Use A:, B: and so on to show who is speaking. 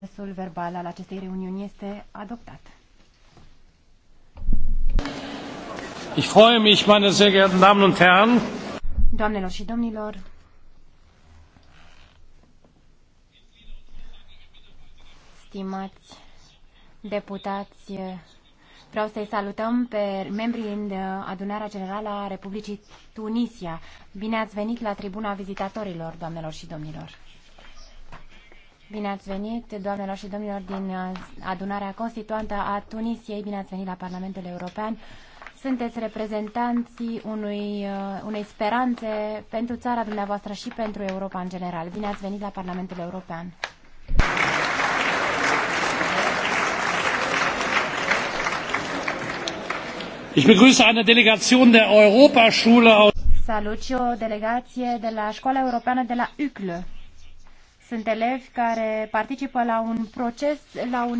A: Procesul verbal al acestei reuniuni este adoptat.
B: Ich freue mich, meine sehr geehrten Damen und Herren.
A: Doamnelor și domnilor,
C: stimați deputați, vreau să-i salutăm pe membrii din adunarea generală a Republicii Tunisia. Bine ați venit la tribuna vizitatorilor, doamnelor și domnilor. Bine ați venit, doamnelor și domnilor, din uh, adunarea constituantă a Tunisiei. Bine ați venit la Parlamentul European. Sunteți reprezentanții unui, uh, unei speranțe pentru țara dumneavoastră și pentru Europa în general. Bine ați venit la Parlamentul European.
D: Ich begrüße eine Delegation der Europaschule aus
C: Salut și o delegație de la Școala Europeană de la Uclă. Sunt elevi care participă la un
A: proces, la un